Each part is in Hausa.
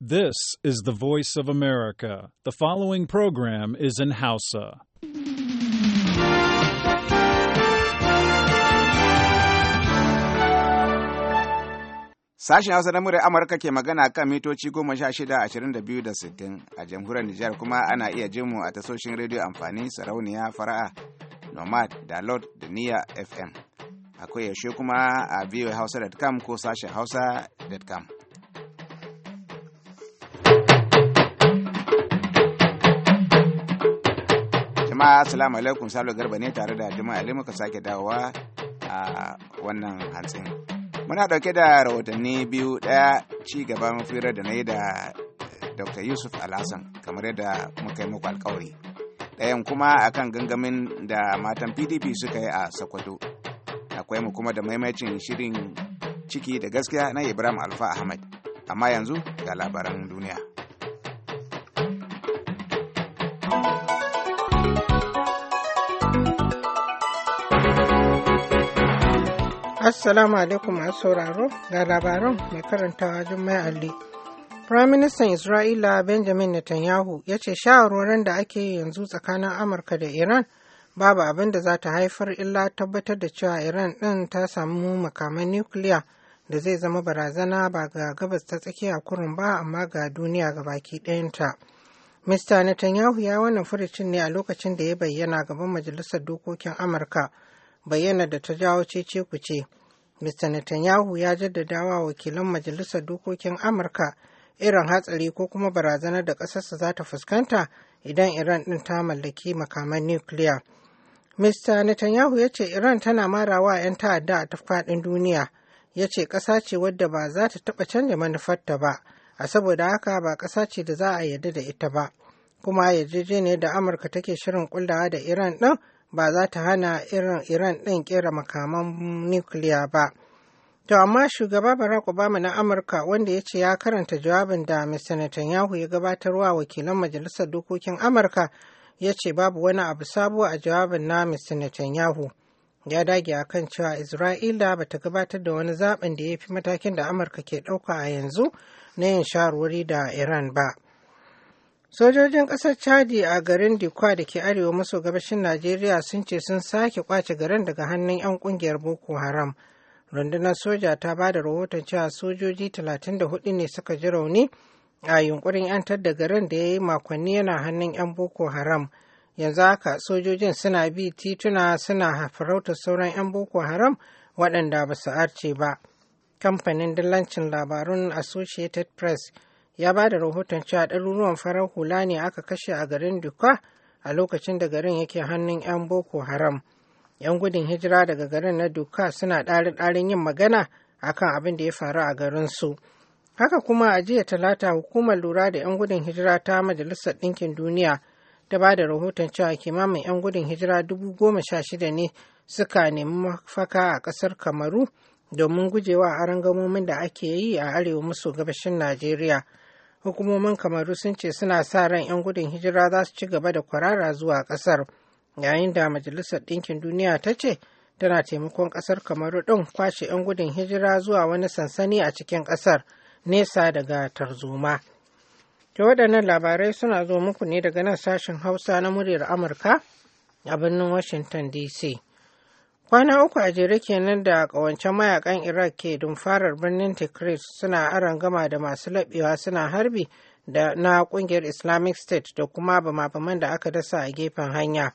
This is the voice of America. The following program is in Hausa. Sashen Hausa na murar Amurka ke magana kan mitoci goma sha shida ashirin da biyu da sittin a jamhuriyar Nijar kuma ana iya jin a tasoshin rediyo amfani sarauniya fara'a nomad da lord da niya fm akwai yaushe kuma a hausa.com ko sashen hausa.com jama'a assalamu alaikum salo garba ne tare da jama'a muka sake dawowa a wannan hantsin muna dauke da rahotanni biyu daya ci gaba firar da na yi da eh, dr yusuf alhassan kamar yadda muka yi muku alkawari ɗayan kuma akan gangamin da matan pdp suka yi a sokoto akwai mu kuma da maimacin shirin ciki da gaskiya na ibrahim alfa ahmad amma yanzu ga labaran duniya Assalamu alaikum masu sauraro ga labaran mai karantawa Jummai Ali. Prime Minister Isra'ila Benjamin Netanyahu ya ce shawarwarin da ake yanzu tsakanin Amurka da Iran babu abin da za ta haifar illa tabbatar da cewa Iran ɗin ta samu makaman nukiliya da zai zama barazana ba ga gabas ta tsakiya kurin ba amma ga duniya ga baki ɗayanta. Mr. Netanyahu ya wannan furucin ne a lokacin da ya bayyana gaban Majalisar Dokokin Amurka. bayyana da ta jawo cece ce. mr netanyahu ya jaddada wa wakilan majalisar dokokin amurka irin hatsari ko kuma barazanar da ƙasarsa za ta fuskanta idan iran ɗin ta mallaki makaman nukiliya mr netanyahu ya ce iran tana marawa 'yan ta'adda a faɗin duniya ya ce ƙasa ce wadda ba za ta taɓa canja manufarta ba a saboda haka ba ƙasa ce da za a yarda da ita ba kuma yarjejeniyar da amurka take shirin kullawa da iran ɗin ba za ta hana irin Iran ɗin ƙera makaman nukiliya ba. To amma shugaba Barack Obama na Amurka wanda ya ce ya karanta jawabin da Mr. Netanyahu ya gabatarwa wakilan Majalisar Dokokin Amurka ya ce babu wani abu sabo a jawabin na Mr. Netanyahu. Ya dage a kan cewa Isra'ila ba ta gabatar da wani zaɓin da ya fi matakin da Amurka ke ɗauka a yanzu na yin shawarwari da Iran ba. Sojojin ƙasar Chadi a garin Dikwa da ke arewa maso gabashin Najeriya sun ce sun sake kwace garin daga hannun 'yan ƙungiyar Boko Haram. Rundunar soja ta ba da rahoton cewa sojoji 34 ne suka ji rauni a yunkurin 'yantar da garin da ya yi makonni yana hannun 'yan Boko Haram. Yanzu haka sojojin suna bi tituna suna farautar sauran 'yan Boko Haram waɗanda ba su arce ba. Kamfanin dillancin labarun Associated Press ya ba da rahoton cewa ɗaruruwan farar hula ne aka kashe a garin Duka a lokacin da garin yake hannun 'yan Boko Haram. 'Yan gudun hijira daga garin na Duka suna ɗarin yin magana akan abin da ya faru a garinsu. Haka kuma a jiya talata hukumar lura da 'yan gudun hijira ta Majalisar Ɗinkin Duniya ta ba da rahoton cewa kimamin 'yan gudun hijira dubu goma sha shida ne suka nemi mafaka a ƙasar Kamaru domin gujewa arangamomin da ake yi a arewa maso gabashin Najeriya. hukumomin kamaru sun ce suna sa ran 'yan gudun hijira za su ci gaba da kwarara zuwa kasar yayin da majalisar ɗinkin duniya ta ce tana taimakon kasar kamaru ɗin kwashe 'yan gudun hijira zuwa wani sansani a cikin kasar nesa daga tarzoma da waɗannan labarai suna zo muku ne daga nan sashen hausa na muryar amurka a birnin washington dc Kwana uku a jere kenan da ƙawancen mayakan Iraq ke dumfarar birnin Tikrit suna aron gama da masu laɓewa suna harbi da na kungiyar Islamic State da kuma bama-baman da aka dasa a gefen hanya.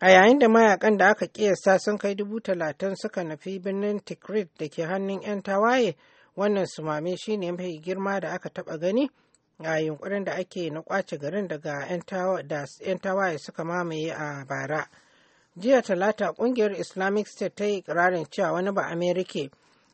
A yayin da mayakan da aka kiyasta sun kai dubu talatin suka nufi birnin Tikrit da ke hannun 'yan tawaye, wannan sumame shine mafi girma da aka taba gani a yunkurin da ake na kwace garin daga 'yan tawaye suka mamaye a bara. jiya talata kungiyar islamic state ta yi ikirarin cewa wani ba amerika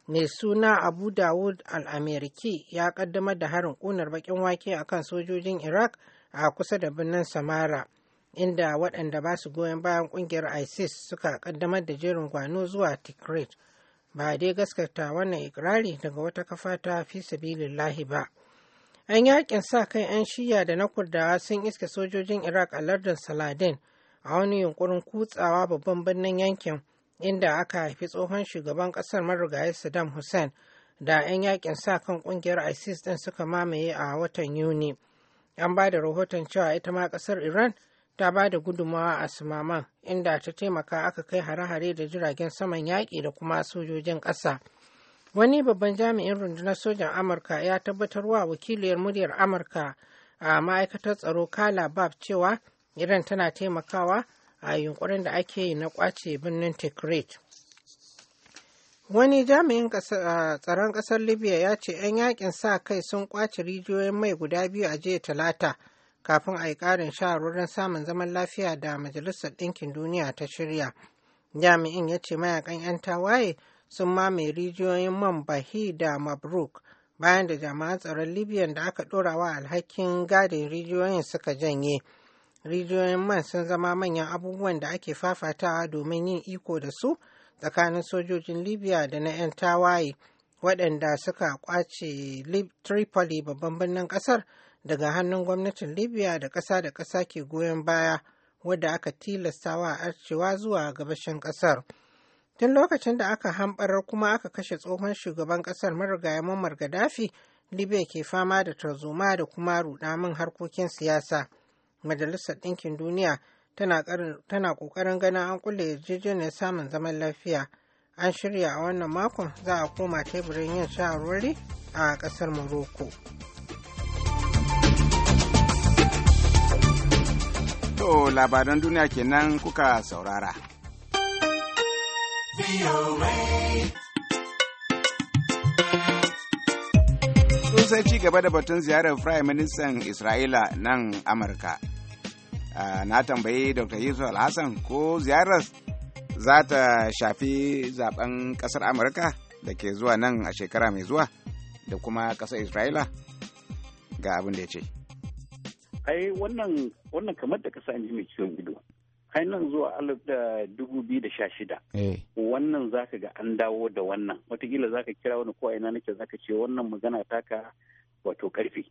mai suna abu dawud al-ameriki ya kaddamar da harin kunar bakin wake kan sojojin iraq a kusa da birnin samara inda waɗanda ba su goyon bayan kungiyar isis suka kaddamar da jerin gwano zuwa tikrit ba dai gaskata wannan ikirari daga wata kafa ta fi sabilillahi ba an yakin sa kai 'yan shiya da na kurdawa sun iske sojojin iraq a lardin saladin a wani yunkurin kutsawa babban birnin yankin inda aka haifi tsohon shugaban kasar marigayi saddam hussein da 'yan yakin sa kan kungiyar isis din suka mamaye a watan yuni an ba da rahoton cewa ita ma kasar iran ta ba da gudummawa a sumaman inda ta taimaka aka kai hare-hare da jiragen saman yaƙi da kuma sojojin ƙasa wani babban jami'in rundunar sojan amurka ya tabbatarwa wakiliyar muryar amurka a ma'aikatar tsaro kala bab cewa iran tana taimakawa a yunkurin da ake yi na kwace birnin tikrit wani jami'in tsaron kasar libya ya ce 'yan yakin sa kai sun kwace rijiyoyin mai guda biyu a jiya talata kafin a yi ƙarin shawarwarin samun zaman lafiya da majalisar ɗinkin duniya ta shirya jami'in ya ce mayakan 'yan tawaye sun mamaye rijiyoyin man bahi da mabruk bayan da jami'an tsaron libyan da aka ɗora wa alhakin gadin rijiyoyin suka janye. rijiyoyin man sun zama manyan abubuwan da ake fafatawa domin yin iko da su tsakanin sojojin libya da na 'yan tawaye waɗanda suka kwace tripoli babban birnin ƙasar daga hannun gwamnatin libya da ƙasa da ƙasa ke goyon baya wadda aka tilastawa arcewa zuwa gabashin ƙasar tun lokacin da aka hamɓarar kuma aka kashe tsohon shugaban ƙasar marigaya muammar gaddafi libya ke fama da tarzoma da kuma rudamin harkokin siyasa. majalisar ɗinkin duniya tana ƙoƙarin ganin an kulle yarjejeniyar samun zaman lafiya an shirya a wannan makon za a koma teburin yin shawarwari a ƙasar morocco to labaran duniya kenan kuka saurara sun sai ci gaba da batun ziyarar firayim ministan isra'ila nan amurka Ah, na tambayi dr yusuf alhassan ko ziyarar za ta shafi zaben kasar amurka da ke zuwa nan a shekara mai zuwa da kuma kasar isra'ila ga abin da ya ce ai wannan kamar da kasa ji mai ciwon gido nan zuwa alif da dubu biyu da sha shida eh. wannan zaka ga an dawo da wannan watakila zaka kira wani ko ina nake zaka ce wannan magana taka wato karfi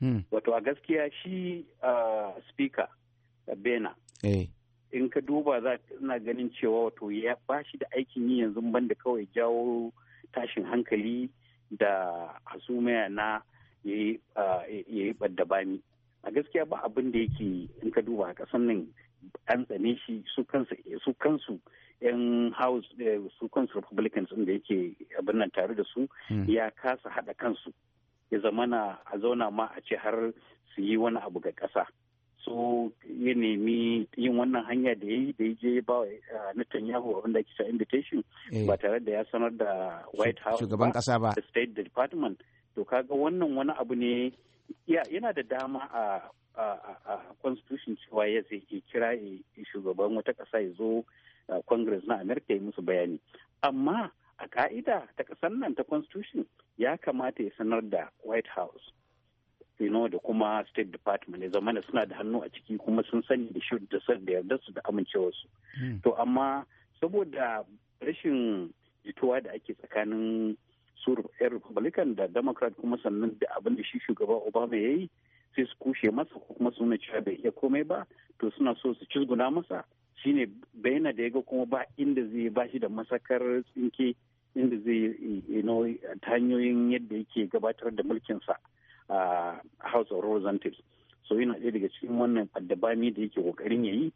Hmm. wato a gaskiya shi speaker bena eh. in ka duba za ina ganin cewa wato ya ba shi da aikin yi yanzu banda kawai jawo tashin hankali da hasumaya na ya yi ɓadda bami a gaskiya ba abin da yake in ka duba a sannan nan an tsane shi su kansu yan house eh, su kansu republicans da yake abin nan tare da su hmm. ya kasa haɗa kansu ya zamana a zauna ma a ce har su yi wani abu ga ƙasa so ya nemi yin wannan hanya da ya yi da ya je ba wa Netanyahu abin da ake invitation eh. ba tare da ya sanar da White House shugaban ba da State Department to kaga wannan wani abu ne yana da dama a a constitution cewa ya zai kira shugaban wata ƙasa ya zo congress na america ya musu bayani amma a ka'ida ta ƙasar nan ta constitution ya kamata ya sanar da white house you know, da kuma state department ya zamana suna da hannu a ciki kuma sun sani da shi da yarda su da amincewarsu hmm. to amma saboda rashin jituwa da ake tsakanin su yan republican da democrat kuma sannan da abin da shi shugaba obama ya yi sai su kushe masa ko kuma su nuna cewa bai iya komai ba to suna so su cizguna masa shine bayyana da ya ga kuma ba inda zai bashi da masakar tsinke inda zai yi ta hanyoyin yadda yake gabatar da mulkinsa a house of representatives so yana ɗaya daga cikin wannan addabami da yake kokarin yayi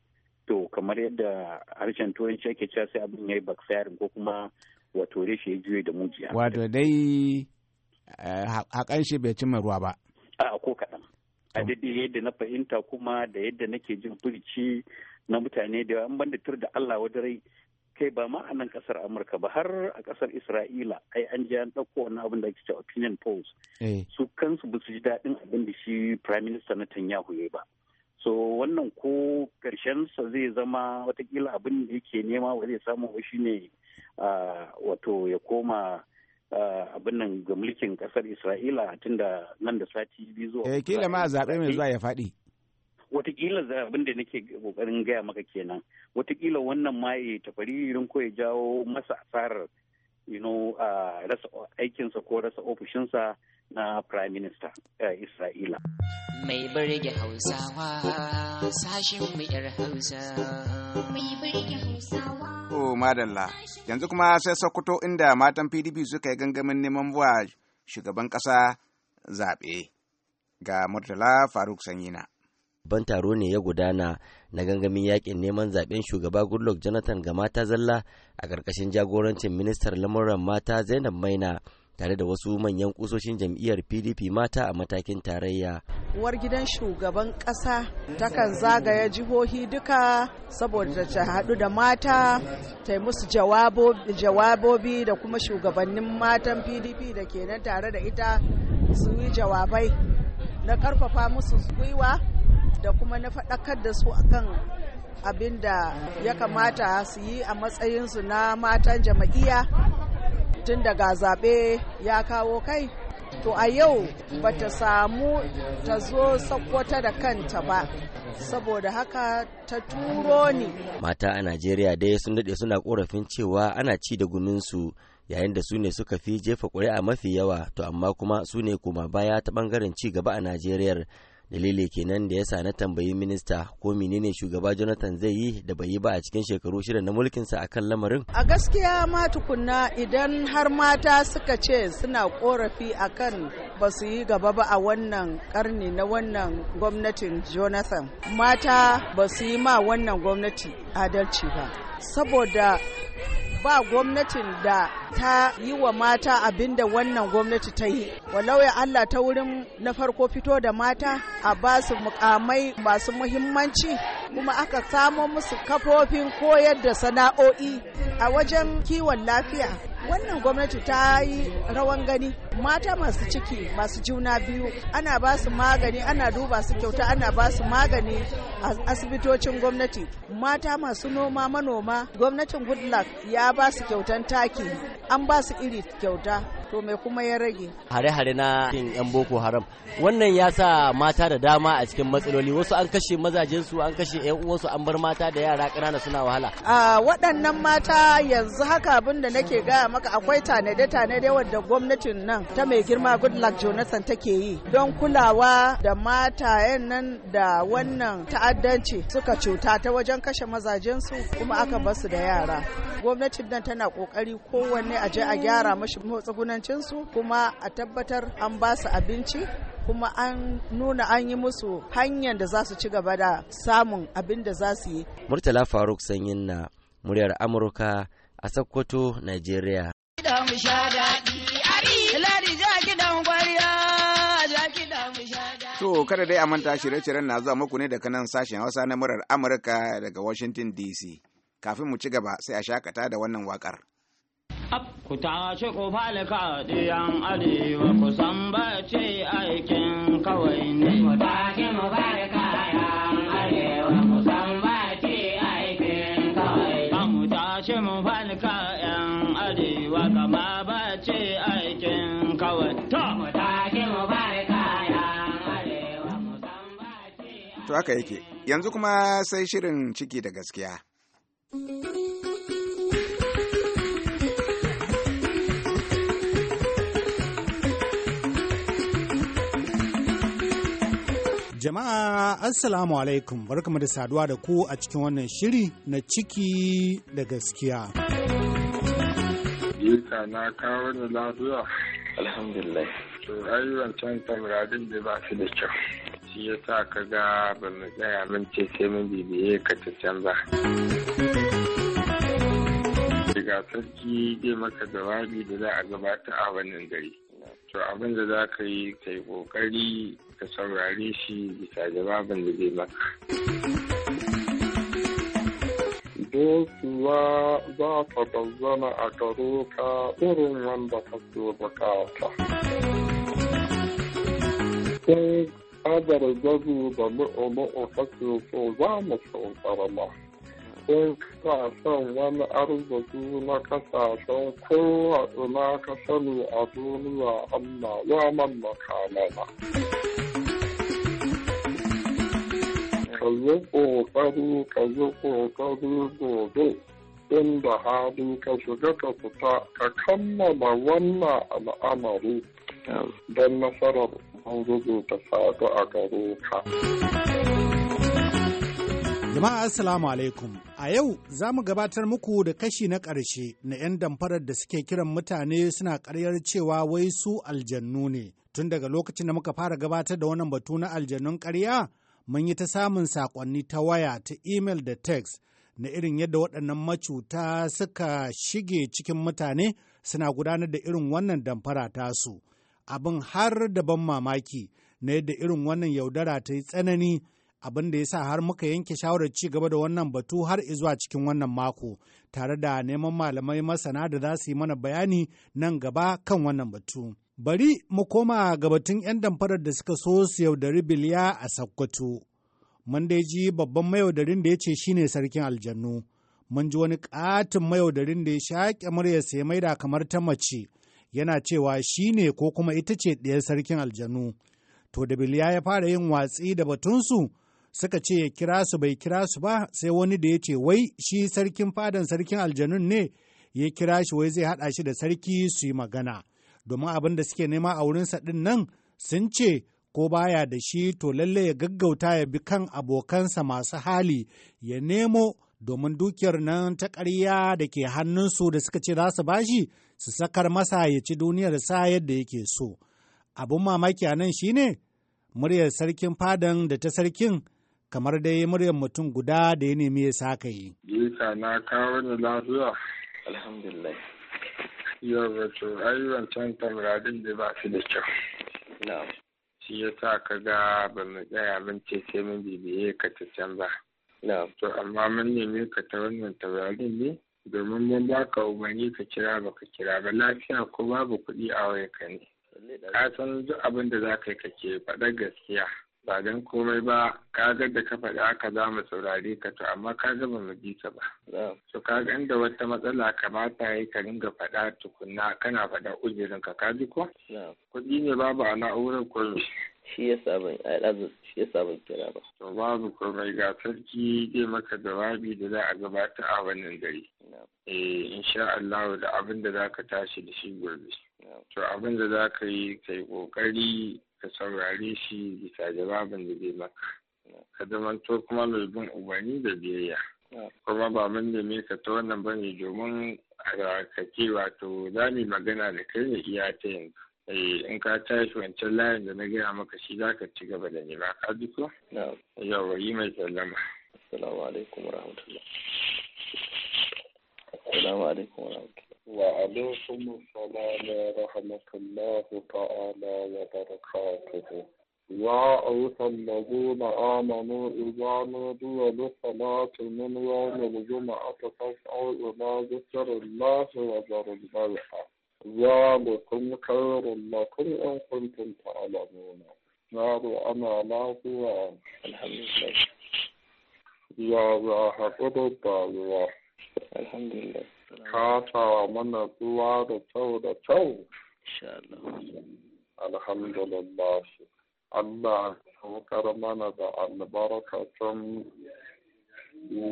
to kamar yadda harshen turanci ke cewa sai abin ya yi backfiring ko kuma wato reshe ya juye da mujiya wato dai eh, hakan shi bai cimma ruwa ba a ko kaɗan a daidai yadda na fahimta kuma da yadda nake jin furici na mutane da yawa an banda tur da Allah wadarai kai ba ma a nan kasar amurka ba har a kasar isra'ila ai an ji an ɗauko wani abin da ake cewa opinion polls eh. su kansu ba su ji daɗin abin da shi prime minister netanyahu ya ba so wannan ko sa zai zama watakila abin da yake nema ba zai samu ba shine wato ya koma abin nan ga mulkin kasar isra'ila tunda nan da sati biyu zuwa eh, kila ma zaɓe mai zuwa ya faɗi watakila abin da nake kokarin gaya maka kenan watakila wannan ma ya tafari irin ko ya jawo masa asarar you know rasa aikinsa ko rasa ofishinsa na prime minister isra'ila mai birge hausawa sashin mu yar hausa mai birge hausawa oh madalla yanzu kuma sai sokoto inda matan pdp suka yi gangamin neman buwa shugaban kasa zaɓe ga murtala faruk sanyina ban taro ne ya gudana na gangamin yakin neman zaben shugaba goodluck jonathan ga mata zalla a ƙarƙashin jagorancin ministar lamuran mata zainab maina tare da wasu manyan kusoshin jam'iyyar pdp mata a matakin tarayya uwar gidan shugaban ƙasa takan zagaya jihohi duka saboda ta haɗu da mata ta musu jawabobi da kuma shugabannin matan pdp da ke nan tare da ita su yi jawabai na ƙarfafa musu gwiwa da kuma na faɗakar da su akan abin da ya kamata su yi a matsayinsu na matan jama'iya tun daga zaɓe ya kawo kai to a yau ba ta samu ta zo sakwata da kanta ba saboda haka ta turo ni mata a najeriya dai sun daɗe suna korafin cewa ana ci da guminsu yayin da su ne suka fi jefa ƙuri'a mafi yawa to amma kuma su ne koma baya ta ɓangaren ci gaba a najeriyar dalili kenan da yasa na tambayi minista ko menene shugaba jonathan zai yi da bai yi ba a cikin shekaru shida na mulkinsa a kan lamarin a gaskiya ma tukunna idan har mata suka ce suna korafi akan ba su yi gaba ba a wannan karni na wannan gwamnatin jonathan mata ba su yi ma wannan gwamnati adalci ba saboda ba gwamnatin da ta yi wa mata abin da wannan gwamnati ta yi walau ya Allah ta wurin na farko fito da mata a ba su mukamai masu muhimmanci kuma aka samo musu kafofin koyar da sana'o'i a wajen kiwon lafiya wannan gwamnati ta yi rawan gani mata masu ciki masu juna biyu ana ba su magani ana duba su kyauta ana ba su magani a asibitocin gwamnati mata masu noma manoma gwamnatin goodluck ya ba su kyautan taki an ba su iri kyauta to mai kuma ya rage hare-hare na yan boko haram wannan ya sa mata da dama a cikin matsaloli wasu an kashe mazajen an kashe yan uwansu an bar mata da yara ƙanana suna wahala a waɗannan mata yanzu haka abin da nake gaya maka akwai tanade-tanade wadda gwamnatin nan ta mai girma goodluck jonathan take yi don kulawa da matayen nan da wannan ta'addanci suka cuta ta wajen kashe mazajensu kuma aka basu da yara gwamnatin nan tana kokari kowanne a je a gyara mashi matsugunan makamancinsu kuma a tabbatar an ba su abinci kuma an nuna an yi musu hanyar da za su ci gaba da samun abin da za su yi. Murtala Faruk Sanyin na muryar Amurka a Sokoto, Nigeria. To kada dai a manta shirye-shiryen na zuwa muku ne daga nan sashen Hausa na murar Amurka daga Washington DC. Kafin mu ci gaba sai a shakata da wannan wakar. ku tashi ku falka diyan arewa ku san bace aikin kawai ne. Ku tashi mu bari kayan arewa ku san bace aikin kawai ne. Mu tashi mu falka yan arewa kama bace aikin kawai. To! Mu tashi mu bari kayan arewa ku san bace aikin kawai To haka yake, yanzu kuma sai shirin ciki da gaskiya. Jama'a Assalamu alaikum barkamu da saduwa da ku a cikin wannan shiri na ciki da gaskiya. Jika na kawo ni lafiya. Alhamdulillah. To ayyukan can tamradin da ba su da kyau. Shi ya sa ka ga ba mu tsaya mun ce sai mun bibiye ka ta canza. Daga sarki zai maka jawabi da za a gabata a wannan gari. to abin da za ka yi ka yi ƙoƙari ka saurare shi bisa jawabin da zai maka. Dokuwa za ta bazzana a garo ka irin wanda ka so bukata. Sun kadar gazu da mu'u mu'u ka so za mu sauƙarama. akwai son wani arziki na kasashen kowa na ka sani a duniya Allah ya mallaka mana. Ka yi ƙoƙari, ka yi ƙoƙari gobe. inda hali ka shiga ka fita ka kammala wannan al'amari don nasarar an rubuta sadu a gare ka. Jama'a Assalamu alaikum. A yau za mu gabatar muku da kashi na ƙarshe na 'yan damfarar da suke kiran mutane suna karyar cewa wai su aljannu ne. Tun daga lokacin da muka fara gabatar da wannan batu na aljannun karya, mun yi ta samun saƙonni ta waya ta email da text na irin yadda waɗannan macuta suka shige cikin mutane suna gudanar da irin wannan damfara tasu. Abin har da ban mamaki na yadda irin wannan yaudara ta yi tsanani abin da ya sa har muka yanke shawarar ci gaba da wannan batu har zuwa cikin wannan mako tare da neman malamai masana da za su yi mana bayani nan gaba kan wannan batu. Bari mu koma ga batun 'yan damfarar da suka so su yaudari biliya a sakkwato Mun dai ji babban mayaudarin da ya ce shine sarkin aljannu. Mun ji wani katin mayaudarin da ya shaƙe sai ya maida kamar ta mace yana cewa shine ko kuma ita ce ɗayan sarkin aljannu To da biliya ya fara yin watsi da batunsu suka ce ya kira su bai kira su ba sai wani da ya ce wai shi sarkin fadan sarkin aljanun ne ya kira shi wai zai haɗa shi da sarki su yi magana domin abin da suke nema a wurinsa ɗin nan sun ce ko baya da shi to lalle ya gaggauta ya bi kan abokansa masu hali ya nemo domin dukiyar nan ta ƙarya da ke hannunsu da suka ce za su bashi su sakar masa ya ci duniyar sa yadda yake so abin mamaki a nan shine muryar sarkin fadan da ta sarkin kamar dai muryar mutum guda da ya nemi ya saka yi. Jika na kawo ni lafiya. Alhamdulillah. Yau wato ai wancan tamaradin da ba su da kyau. Na. Shi ya sa ka ga ba mu tsaya mun ce sai mun bibiye ka ta can ba. Na. To amma mun nemi ka ta wannan tamaradin ne domin mun ba ka umarni ka kira ba ka kira ba lafiya ko babu kuɗi a wayarka ne. Ka san duk abin da za ka yi ka ke faɗa gaskiya. ba don komai ba ka ga da ka faɗi aka za mu saurare ka to amma ka ga mu ji ta ba to ka ga inda wata matsala kamata ya yi ka ringa faɗa tukunna kana faɗa ujirin ka kaji ko kuɗi ne babu a na'urar ko shi ya sabon shi ya sabon kira ba to babu komai ga sarki zai maka jawabi da za a gabata a wannan gari eh insha Allah da abin da tashi da shi gobe to abin da zaka yi kai ka saurare shi bisa jawabin da zai maka ka to kuma mai bin umarni da biyayya kuma ba mun neme ka ta wannan bane domin a ce wato za mu magana da kai ne iya ta yanzu eh, in ka tashi wancan layin da na gaya maka shi za ka ci gaba da nema ka ji ko yawa yi mai sallama assalamu alaikum warahmatullahi assalamu alaikum warahmatullahi وعليكم السلام ورحمة الله تعالى وبركاته يا أيها الذين آمنوا إذا نودي للصلاة من يوم الجمعة فاسعوا إلى ذكر الله وذروا البيع ذلكم خير لكم إن كنتم تعلمون نار أنا لا هو الحمد لله يا راحة حفظ الحمد لله katawa mana ruwa da tau da tau alhamdulillah Allah saukar mana da albarkatun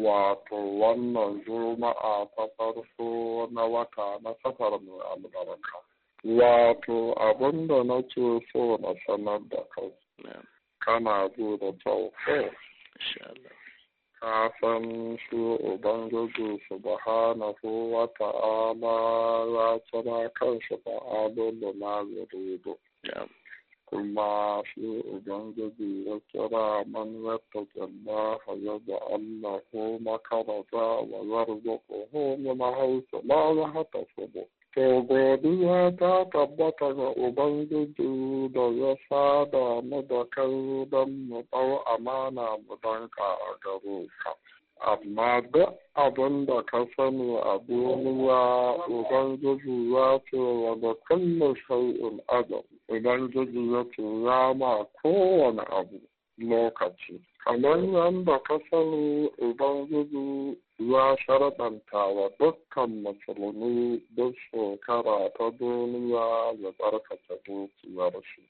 wato wannan juma'a ta farko na wata na safar mai albarka wato abinda na ce so na sanar da kai kana zo da tauhid kafan su Ubangiji subhanahu wa ta'ala ya tsara kansu ba adolu na garido. Kuma shi Ubangiji ya tsara man yadda jalla ya da Allah ko makarata wa zarzuku ko mun To godiya ta tabbata ga Ubangiji da ya sada mu da kai don mu ɗau amana mu danka a gare ka. Amma duk abin da ka sani a duniya Ubangiji ya ce wa da kullum shay'in adam. Ubangiji ya ce ya ma kowane abu lokaci. Kamar yadda ka sani Ubangiji ya sharaɗanta wa dukkan musulmi duk shekara ta duniya ya tsarkake dukiyar shi.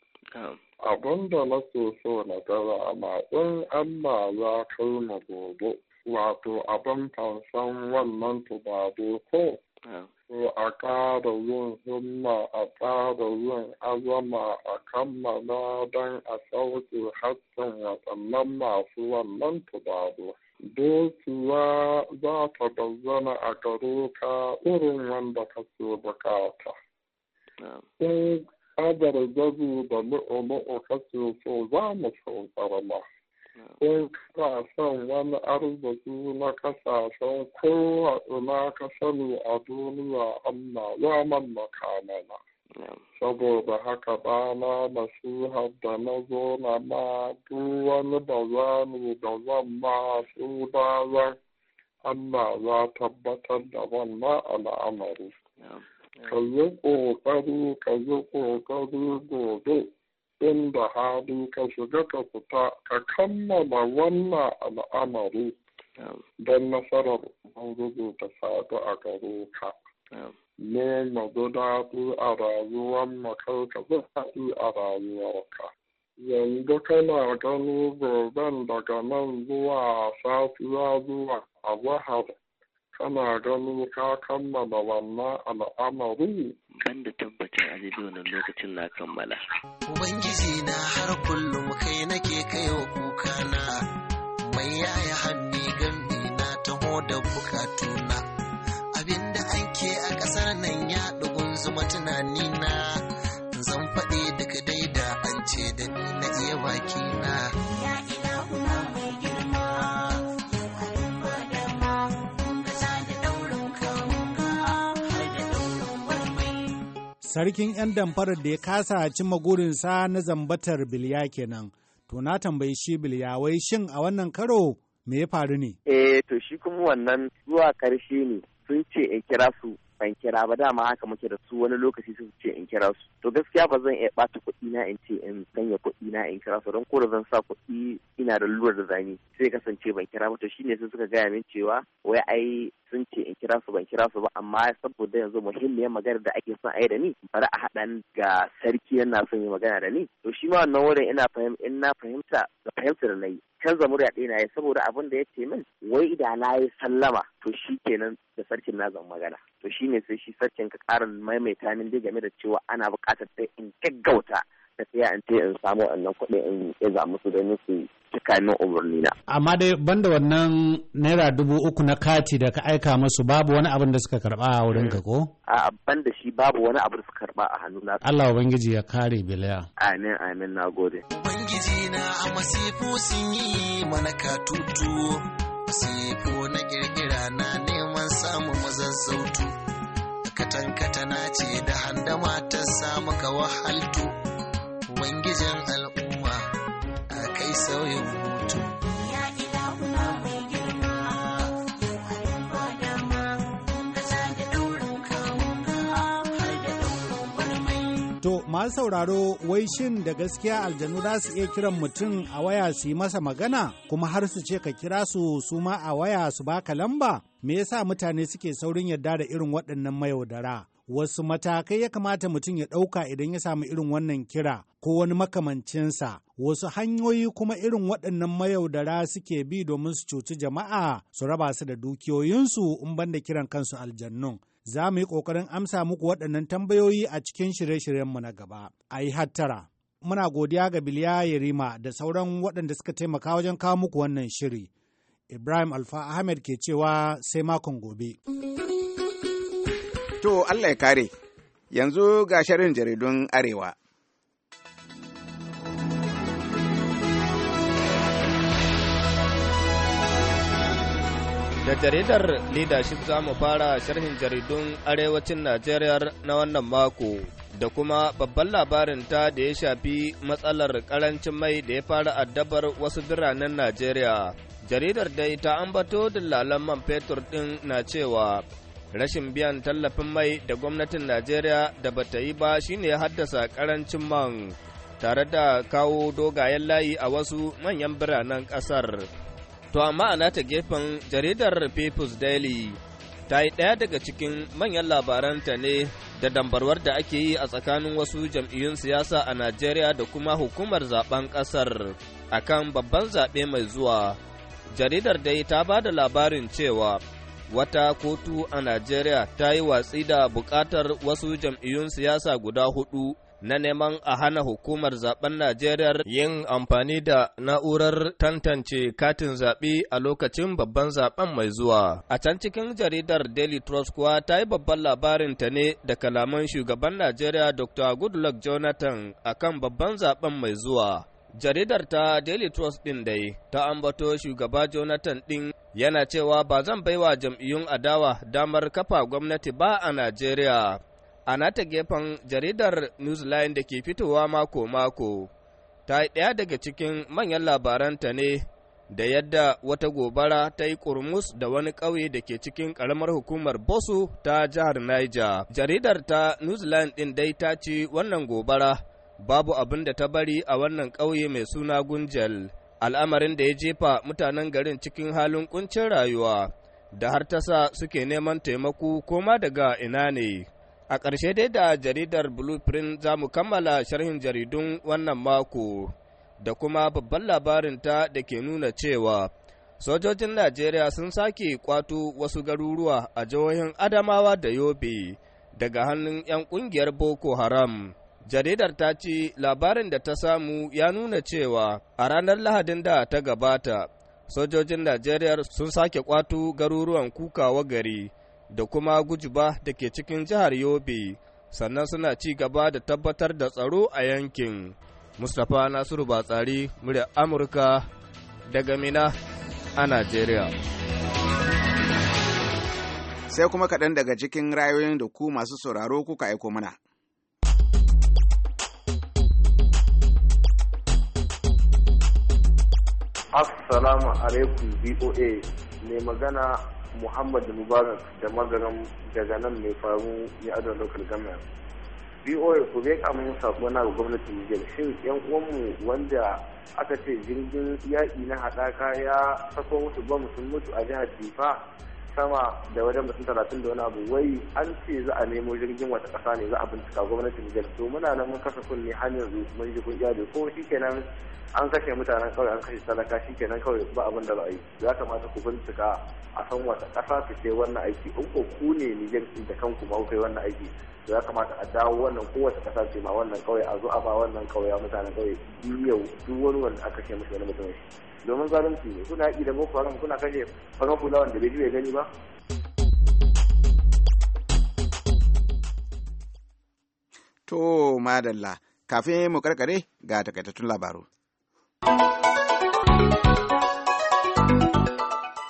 Abin da nake so na gaba ma in Allah ya kai mu gobe, wato abin fansan wannan tubado ko to a ƙara yin himma a ƙara yin azama a kammala don a sauke haƙƙin waɗannan masu wannan tubado. dokiwa za ta bazzana a gare ka irin wanda kake bukata. In kadar gazu da lu'ulu'u kake so za mu sauƙar ma. In kana son wani arziki na kasashen kowa ina ka sani a duniya Allah ya mallaka mana. saboda haka ɗana nasiha da na zo na ma duk wani bazani da zan ma su bazan Allah za tabbatar da wannan al'amari. Ka yi ƙoƙari, ka yi ƙoƙari gobe, inda hali ka shiga ka fita, ka kammala wannan al'amari don nasarar Ubangiji ta sadu a gare ka. magana ku a rayuwar makarka zai haɗu a rayuwarka. Yanzu kana gano goben daga nan zuwa safiya zuwa a zahar kana gano ka kammala wannan al'amari. Ban da tabbatar a daidai wannan lokacin na kammala. Ubangiji na har kullum kai nake kai wa kuka na, mai yaya hannu gambi na taho da bukatuna. zama tunani na zan faɗi duka dai da an ce da ni na iya baki na Sarkin 'yan damfarar da ya kasa cimma gurinsa na zambatar biliya kenan, to na tambayi shi biliya wai shin a wannan karo me ya faru ne? Eh to shi kuma wannan zuwa karshe ne sun ce in kira su ban kira ba dama haka muke da su wani lokaci su ce in kira su to gaskiya ba zan iya bata kuɗi na in ce in sanya kuɗi na in kira su don ko da zan sa kuɗi ina da lura da zani sai kasance ban kira ba to shine sai suka gaya min cewa wai ai sun ce in kira su ban kira su ba amma saboda yanzu muhimmiyar magana da ake son ayi da ni bari a haɗa ga sarki yana son yi magana da ni to shi ma wannan wurin ina fahimta da fahimta da nayi canza murya ɗina ya saboda abin da ya ce min wai da na yi sallama to shi kenan da sarkin na zan magana to shi ne sai shi sarkin ka ƙarin maimaita min dai game da cewa ana buƙatar sai in gaggauta tsaya in ce in samu wannan kuɗi in iza musu da su kamin umarni na. Amma dai banda wannan naira dubu uku na kati da ka aika masu babu wani abin da suka karba a wurin ka ko? Eh, a banda shi babu wani abin da suka karba a hannu na. Allah ubangiji ya kare bilaya. Amin amin na gode. Ubangiji na a masifu sun yi mana tutu. Masifu na kirkira na neman samun mazan sautu. Katankata na ce da handama ta samu ka wahaltu. Ubangijin al'umma. sauyin mutum. To, masu sauraro wai shin da gaskiya aljanu za su iya kiran mutum a waya su yi masa magana kuma har su ce ka kira su su ma a waya su baka lamba? Me yasa mutane suke saurin yarda da irin waɗannan mayaudara? wasu matakai ya kamata mutum ya ɗauka idan ya samu irin wannan kira ko wani makamancinsa wasu hanyoyi kuma irin waɗannan mayaudara suke bi domin su cuci jama'a su raba su da dukiyoyinsu in banda kiran kansu aljannun za mu yi ƙoƙarin amsa muku waɗannan tambayoyi a cikin shirye-shiryenmu na gaba a yi hattara muna godiya ga biliya yarima da sauran waɗanda suka taimaka wajen kawo muku wannan shiri ibrahim alfa ahmed ke cewa sai makon gobe. To Allah ya kare, yanzu ga shirin jaridun Arewa. Da jaridar leadership za mu fara sharhin jaridun Arewacin Najeriya na wannan mako. da kuma babban labarin ta da ya shafi matsalar karancin mai da ya fara addabar wasu biranen Najeriya. Jaridar dai ta ambato dillalan man fetur ɗin na cewa rashin biyan tallafin mai da gwamnatin najeriya da bata yi ba shine haddasa karancin man tare da kawo dogayen layi a wasu manyan biranen kasar to amma a ta gefen jaridar people's daily ta yi ɗaya daga cikin manyan labaranta ne da dambarwar da ake yi a tsakanin wasu jam'iyyun siyasa a najeriya da kuma hukumar zaben kasar akan babban zaɓe mai zuwa jaridar dai ta ba da labarin cewa wata kotu a Najeriya ta yi watsi da bukatar wasu jam'iyyun siyasa guda hudu na neman a hana hukumar zaben Najeriya yin amfani da na'urar tantance katin zaɓe a lokacin babban zaben mai zuwa. A can cikin jaridar Daily Trust kuwa ta yi babban labarin ta ne da kalaman shugaban Najeriya Dr. Goodluck Jonathan akan babban zaben mai zuwa. Jaridar ta Daily Trust ɗin dai ta ambato shugaba Jonathan ɗin yana cewa ba zan baiwa jam'iyyun adawa damar kafa gwamnati ba a Najeriya. A nata gefen jaridar Newsline da ke fitowa mako-mako, ta yi ɗaya daga cikin manyan labaranta ne da yadda wata gobara ta yi kurmus da wani ƙauye da ke cikin ƙaramar hukumar Bosu ta jihar Niger. Jaridar ta Newsline ɗin dai ta ci wannan gobara babu abin da ta bari a wannan ƙauye mai suna Gunjal, al'amarin da ya jefa mutanen garin cikin halin kuncin rayuwa, da har ta sa suke neman taimako koma daga ina ne. A ƙarshe dai da jaridar Blueprint za mu kammala sharhin jaridun wannan mako, da kuma babban labarinta da ke nuna cewa sojojin Najeriya sun sake kwato wasu garuruwa a jihohin Adamawa da Yobe daga hannun 'yan ƙungiyar Boko Haram. jaridar ta ce labarin da ta samu ya nuna cewa a ranar lahadin da ta gabata sojojin najeriya sun sake kwato garuruwan kukawa gari da kuma gujuba da ke cikin jihar yobe sannan suna ci gaba da tabbatar da tsaro a yankin mustapha nasiru batsari murya amurka daga mina a najeriya sai kuma kaɗan daga cikin rayoyin da ku masu sauraro kuka aiko mana Assalamu alaikum VOA mai magana Muhammad Mubarak da magaram daga nan mai faru ya adon local government. VOA ku bai yin sako na ga gwamnatin Nijar shin yan uwanmu wanda aka ce jirgin yaƙi na haɗaka ya sako musu ba sun mutu a jihar Difa sama da wajen mutum talatin da wani abu wai an ce za a nemo jirgin wata ƙasa ne za a bincika gwamnatin Nijar to muna nan mun kasa kunne hanyar yanzu mun ji kun iya ko shikenan an kashe mutanen kawai an kashe talaka shi kenan kawai ba abin da ra'ayi ya kamata ku bincika a san wata ƙasa ta ce wannan aiki in ko ku ne Nijar da kanku ma kai wannan aiki ya kamata a dawo wannan kowace ƙasa ce ma wannan kawai a zo a ba wannan kawai mutanen kawai yau duk wani wanda aka kashe mutane wani shi domin zalunci ne kuna yaƙi da boko haram kuna kashe farar kula wanda bai ji bai gani ba To, madalla, kafin mu karkare ga takaitattun labaru.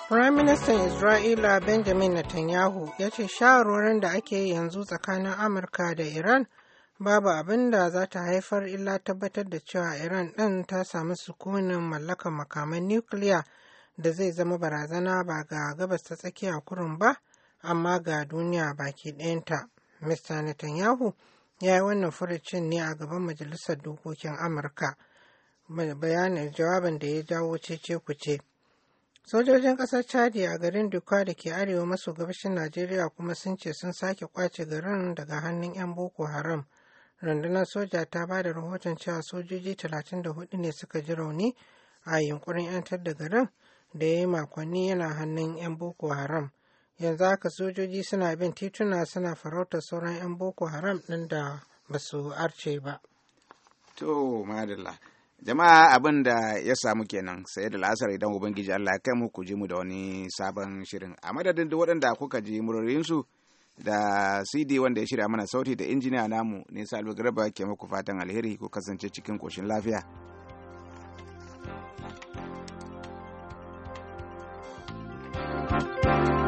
Firaministan Isra'ila Benjamin Netanyahu ya ce shawarwarin da ake yi yanzu tsakanin Amurka da Iran babu abin da za ta haifar illa tabbatar da cewa Iran ɗin ta samu sukunin mallakar makaman nukiliya da zai zama barazana ba ga gabas ta tsakiya kurum ba, amma ga duniya baki ɗayanta. Mr. Netanyahu ya yi wannan furucin ne a gaban Majalisar Dokokin Amurka. mai bayanin jawabin da ya jawo cece kuce. Sojojin ƙasar Chadi a garin Dukwa da ke arewa maso gabashin Najeriya kuma sun ce sun sake kwace garin daga hannun 'yan Boko Haram. Rundunar soja ta ba da rahoton cewa sojoji 34 ne suka ji rauni a yunkurin 'yantar da garin da ya yi makonni yana hannun 'yan Boko Haram. Yanzu haka sojoji suna bin tituna suna farautar sauran 'yan Boko Haram ɗin da ba su arce ba. To, madalla. jama'a abin da ya samu kenan sai da la'asar idan ubangiji allah kai mu ku ji mu da wani sabon shirin a madadin duk waɗanda kuka ji murorinsu da cd wanda ya shirya mana sauti da injiniya namu ne salwa garba ke muku fatan alheri ku kasance cikin koshin lafiya thank you